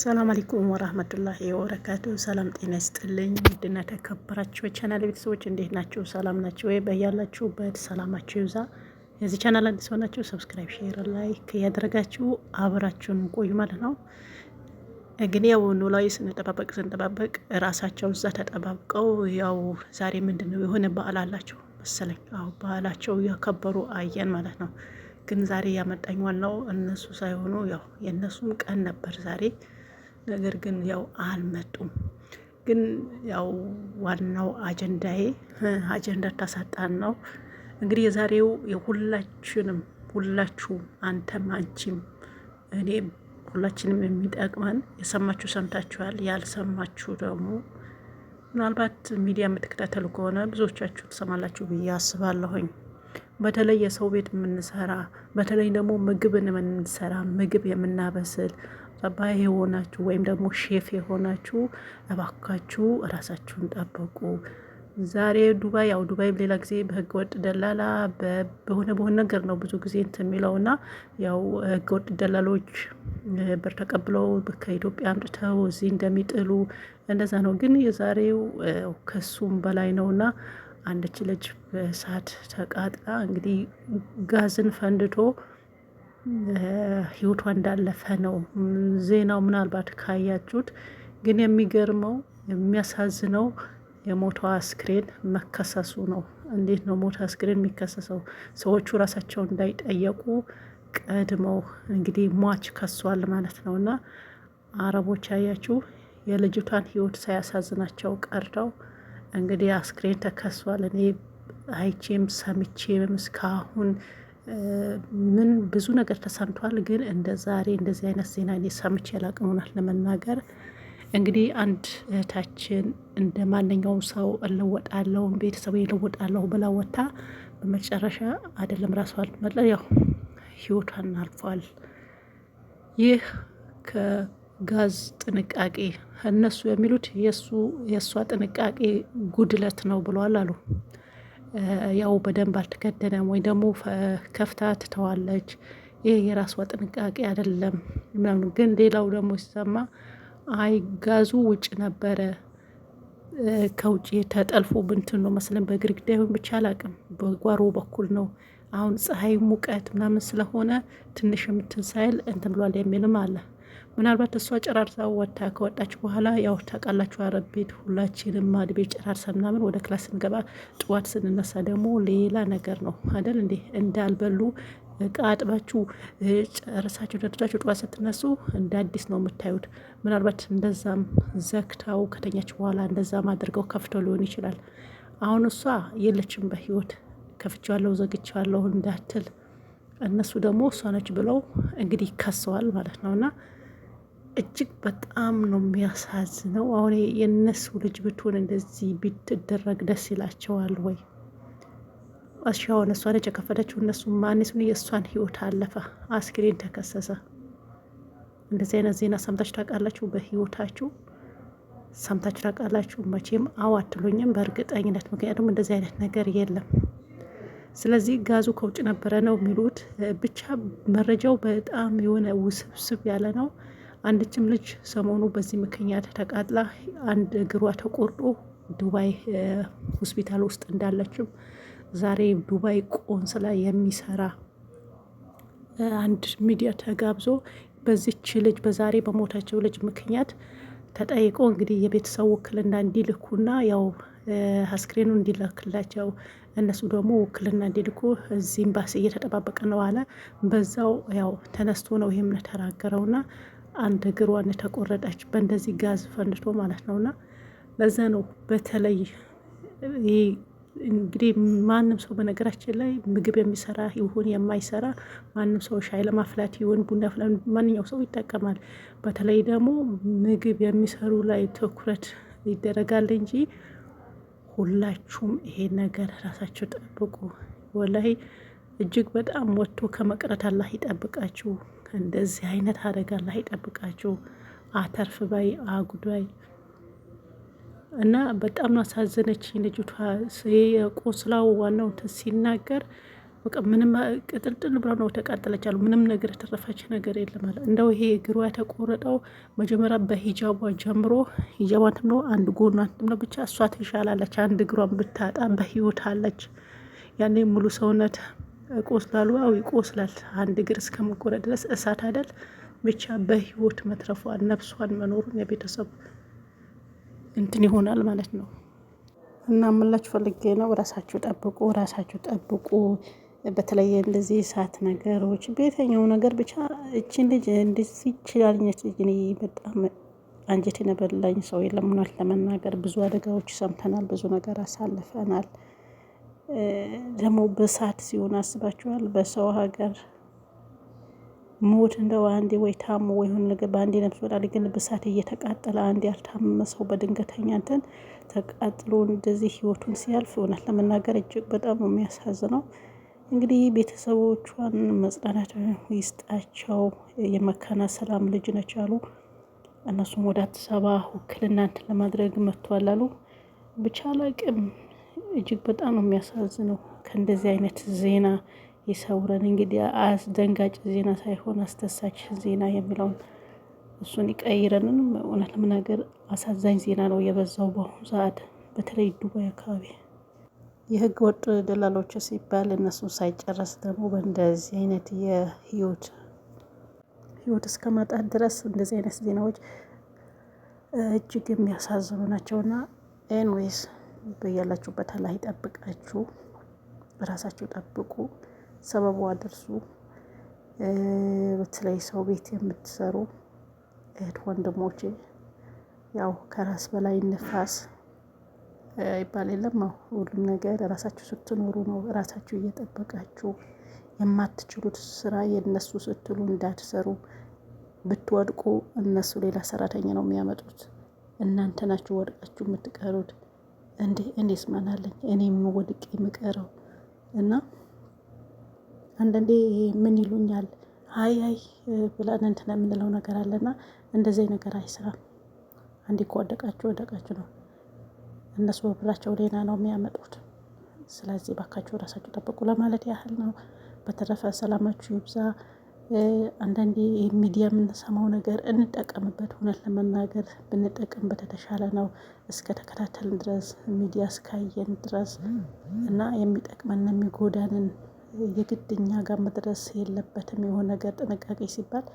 ሰላም አለይኩም ወራህመቱላሂ ወበረካቱ። ሰላም ጤና ይስጥልኝ። ውድና ተከበራችሁ የቻናል ቤተሰቦች እንዴት ናችሁ? ሰላም ናችሁ ወይ? በያላችሁበት ሰላማችሁ ይብዛ። የዚህ ቻናል አዲስ ሆናችሁ ሰብስክራይብ፣ ሼር፣ ላይክ ያደረጋችሁ አብራችሁን ቆዩ ማለት ነው። እንግዲህ ያው ኖላዊ ስንጠባበቅ ስንጠባበቅ ራሳቸው እዛ ተጠባብቀው ያው ዛሬ ምንድን ነው የሆነ በዓል አላቸው መሰለኝ። አዎ በዓላቸው ያከበሩ አየን ማለት ነው። ግን ዛሬ ያመጣኝ ዋናው እነሱ ሳይሆኑ ያው የእነሱም ቀን ነበር ዛሬ ነገር ግን ያው አልመጡም። ግን ያው ዋናው አጀንዳዬ አጀንዳ ታሳጣን ነው እንግዲህ የዛሬው የሁላችንም ሁላችሁም አንተም አንቺም እኔም ሁላችንም የሚጠቅመን የሰማችሁ ሰምታችኋል፣ ያልሰማችሁ ደግሞ ምናልባት ሚዲያ የምትከታተሉ ከሆነ ብዙዎቻችሁ ትሰማላችሁ ብዬ አስባለሁኝ። በተለይ የሰው ቤት የምንሰራ በተለይ ደግሞ ምግብን የምንሰራ ምግብ የምናበስል ጠባይ የሆናችሁ ወይም ደግሞ ሼፍ የሆናችሁ እባካችሁ እራሳችሁን ጠብቁ። ዛሬ ዱባይ ያው ዱባይ ሌላ ጊዜ በህገ ወጥ ደላላ በሆነ በሆነ ነገር ነው ብዙ ጊዜ እንትን የሚለው እና ያው ህገ ወጥ ደላሎች ብር ተቀብለው ከኢትዮጵያ አምጥተው እዚህ እንደሚጥሉ እንደዛ ነው። ግን የዛሬው ከሱም በላይ ነውና አንድች ልጅ በእሳት ተቃጥላ እንግዲህ ጋዝን ፈንድቶ ህይወቷ እንዳለፈ ነው ዜናው። ምናልባት ካያችሁት ግን የሚገርመው የሚያሳዝነው የሞተው አስክሬን መከሰሱ ነው። እንዴት ነው ሞተ አስክሬን የሚከሰሰው? ሰዎቹ ራሳቸውን እንዳይጠየቁ ቀድመው እንግዲህ ሟች ከሷል ማለት ነው። እና አረቦች አያችሁ የልጅቷን ህይወት ሳያሳዝናቸው ቀርተው እንግዲህ አስክሬን ተከሷል። እኔ አይቼም ሰምቼም እስካሁን ምን ብዙ ነገር ተሰምቷል። ግን እንደ ዛሬ እንደዚህ አይነት ዜና እኔ ሰምቼ ለመናገር እንግዲህ አንድ እህታችን እንደ ማንኛውም ሰው እለወጣለሁ ቤተሰብ እለወጣለሁ ብላ ወታ በመጨረሻ አይደለም ራሷል መለ ያው ህይወቷን አልፏል። ይህ ከጋዝ ጥንቃቄ እነሱ የሚሉት የእሱ የእሷ ጥንቃቄ ጉድለት ነው ብለዋል አሉ ያው በደንብ አልተከደነም ወይ ደግሞ ከፍታ ትተዋለች፣ ይሄ የራሷ ጥንቃቄ አይደለም ምናምን። ግን ሌላው ደግሞ ሲሰማ አይ ጋዙ ውጭ ነበረ ከውጭ ተጠልፎ ብንትን ነው መስለን በግድግዳ ይሁን ብቻ አላቅም፣ በጓሮ በኩል ነው አሁን ፀሐይ ሙቀት ምናምን ስለሆነ ትንሽ የምትንሳይል እንትን ብሏል የሚልም አለ። ምናልባት እሷ ጨራርሳ ወታ ከወጣች በኋላ ያው ታውቃላችሁ፣ አረብ ቤት ሁላችንም ማድ ቤት ጨራርሳ ምናምን ወደ ክላስ ስንገባ ጥዋት ስንነሳ ደግሞ ሌላ ነገር ነው አደል እንዴ? እንዳልበሉ እቃ አጥባችሁ ጨርሳችሁ ደርዳችሁ ጥዋት ስትነሱ እንደ አዲስ ነው የምታዩት። ምናልባት እንደዛም ዘግታው ከተኛች በኋላ እንደዛም አድርገው ከፍተው ሊሆን ይችላል። አሁን እሷ የለችም በህይወት ከፍቼዋለሁ ዘግቼዋለሁ እንዳትል እነሱ ደግሞ እሷ ነች ብለው እንግዲህ ከሰዋል ማለት ነውና እጅግ በጣም ነው የሚያሳዝነው። አሁን የእነሱ ልጅ ብትሆን እንደዚህ ቢትደረግ ደስ ይላቸዋል ወይ? አሻውን እሷ ነች የከፈተችው። እነሱ ማንሱን የእሷን ህይወት አለፈ፣ አስክሬን ተከሰሰ። እንደዚህ አይነት ዜና ሰምታችሁ ታውቃላችሁ? በህይወታችሁ ሰምታችሁ ታውቃላችሁ? መቼም አዎ አትሉኝም በእርግጠኝነት ምክንያቱም እንደዚህ አይነት ነገር የለም። ስለዚህ ጋዙ ከውጭ ነበረ ነው የሚሉት። ብቻ መረጃው በጣም የሆነ ውስብስብ ያለ ነው። አንድችም ልጅ ሰሞኑ በዚህ ምክንያት ተቃጥላ አንድ እግሯ ተቆርጦ ዱባይ ሆስፒታል ውስጥ እንዳለችም ዛሬ ዱባይ ቆንስላ የሚሰራ አንድ ሚዲያ ተጋብዞ በዚች ልጅ በዛሬ በሞታቸው ልጅ ምክንያት ተጠይቆ እንግዲህ የቤተሰብ ውክልና እንዲልኩና ያው አስክሬኑ እንዲላክላቸው እነሱ ደግሞ ውክልና እንዲልኩ እዚህ ኤምባሲ እየተጠባበቀ ነው አለ። በዛው ያው ተነስቶ ነው ይህም ተናገረውና አንድ እግሯን የተቆረጠች በእንደዚህ ጋዝ ፈንድቶ ማለት ነው። እና ለዛ ነው በተለይ እንግዲህ ማንም ሰው በነገራችን ላይ ምግብ የሚሰራ ይሁን የማይሰራ ማንም ሰው ሻይ ለማፍላት ይሁን ቡና ፍላ ማንኛው ሰው ይጠቀማል። በተለይ ደግሞ ምግብ የሚሰሩ ላይ ትኩረት ይደረጋል እንጂ ሁላችሁም ይሄ ነገር ራሳችሁ ጠብቁ ወላይ እጅግ በጣም ወጥቶ ከመቅረት አላህ ይጠብቃችሁ። እንደዚህ አይነት አደጋ አላህ ይጠብቃችሁ። አተርፍ ባይ አጉዳይ እና በጣም ነው አሳዘነች ልጅቷ። ቆስላው ዋናው ሲናገር በቃ ምንም ቅጥልጥል ብላ ነው ተቃጠለች አሉ። ምንም ነገር የተረፈች ነገር የለም አለ። እንደው ይሄ እግሯ የተቆረጠው መጀመሪያ በሂጃቧ ጀምሮ ሂጃቧ ትምሎ አንድ ጎኗ ትምሎ ብቻ እሷ ትሻላለች። አንድ እግሯን ብታጣ በህይወት አለች። ያኔ ሙሉ ሰውነት ቆስላሉ። አዎ ይቆስላል። አንድ እግር እስከመቆረ ድረስ እሳት አይደል? ብቻ በህይወት መትረፏን ነፍሷን መኖሩን የቤተሰብ እንትን ይሆናል ማለት ነው። እና ምላችሁ ፈልጌ ነው። ራሳችሁ ጠብቁ፣ ራሳችሁ ጠብቁ። በተለየ እንደዚህ እሳት ነገሮች፣ ቤተኛው ነገር ብቻ እችን ልጅ እንደዚህ ችላልኘት ልጅ በጣም አንጀት በላኝ። ሰው የለም ለመናገር ብዙ አደጋዎች ሰምተናል፣ ብዙ ነገር አሳልፈናል። ደግሞ በሳት ሲሆን አስባችኋል። በሰው ሀገር ሞት እንደው አንዴ ወይ ታሞ ወይ የሆነ ነገር በአንዴ ነፍስ ወዳል፣ ግን በሳት እየተቃጠለ አንድ ያልታመመ ሰው በድንገተኛ እንትን ተቃጥሎ እንደዚህ ህይወቱን ሲያልፍ እውነት ለመናገር እጅግ በጣም የሚያሳዝነው። እንግዲህ ቤተሰቦቿን መጽናናት ይስጣቸው። የመካና ሰላም ልጅ ነች አሉ። እነሱም ወደ አዲስ አበባ ውክልና እንትን ለማድረግ መጥቷል አሉ። ብቻ አላቅም እጅግ በጣም ነው የሚያሳዝነው። ከእንደዚህ አይነት ዜና ይሰውረን። እንግዲህ አስደንጋጭ ዜና ሳይሆን አስደሳች ዜና የሚለውን እሱን ይቀይረንን እውነት ለመናገር አሳዛኝ ዜና ነው የበዛው በአሁኑ ሰዓት በተለይ ዱባይ አካባቢ የህገ ወጥ ደላሎች ሲባል እነሱ ሳይጨረስ ደግሞ በእንደዚህ አይነት የህይወት ህይወት እስከ ማጣት ድረስ እንደዚህ አይነት ዜናዎች እጅግ የሚያሳዝኑ ናቸውና ኤንዌይስ በያላችሁበት አላህ ይጠብቃችሁ። ራሳችሁ ጠብቁ። ሰበቡ አድርሱ። በተለይ ሰው ቤት የምትሰሩ እህት ወንድሞቼ፣ ያው ከራስ በላይ ንፋስ ይባል የለም። ሁሉም ነገር ራሳችሁ ስትኖሩ ነው። ራሳችሁ እየጠበቃችሁ የማትችሉት ስራ የነሱ ስትሉ እንዳትሰሩ። ብትወድቁ እነሱ ሌላ ሰራተኛ ነው የሚያመጡት። እናንተ ናችሁ ወድቃችሁ የምትቀሩት። እንዴ እንዴስ ማናለኝ እኔም ወድቄ የምቀረው እና አንዳንዴ ምን ይሉኛል አይ አይ ብለን እንትን የምንለው ነገር አለና እንደዚህ ነገር አይስራም አንዴ እኮ ወደቃችሁ ነው። እነሱ በብራቸው ሌና ነው የሚያመጡት። ስለዚህ ባካችሁ ራሳችሁ ጠብቁ ለማለት ያህል ነው። በተረፈ ሰላማችሁ ይብዛ። አንዳንዴ ሚዲያ የምንሰማው ነገር እንጠቀምበት። እውነት ለመናገር ብንጠቀምበት የተሻለ ነው። እስከ ተከታተልን ድረስ ሚዲያ እስካየን ድረስ እና የሚጠቅመን የሚጎዳንን የግድኛ ጋር መድረስ የለበትም። የሆነ ነገር ጥንቃቄ ሲባል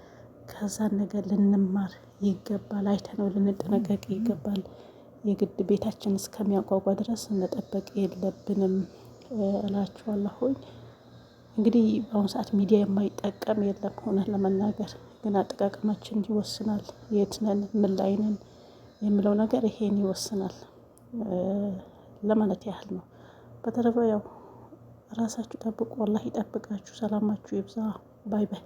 ከዛን ነገር ልንማር ይገባል። አይተነው ልንጠነቀቅ ይገባል። የግድ ቤታችን እስከሚያጓጓ ድረስ መጠበቅ የለብንም እላችኋለሁኝ እንግዲህ በአሁኑ ሰዓት ሚዲያ የማይጠቀም የለም። እውነት ለመናገር ግን አጠቃቀማችን ይወስናል። የት ነን፣ ምን ላይ ነን የሚለው ነገር ይሄን ይወስናል ለማለት ያህል ነው። በተረፈ ያው ራሳችሁ ጠብቁ፣ አላህ ይጠብቃችሁ፣ ሰላማችሁ ይብዛ። ባይ ባይ።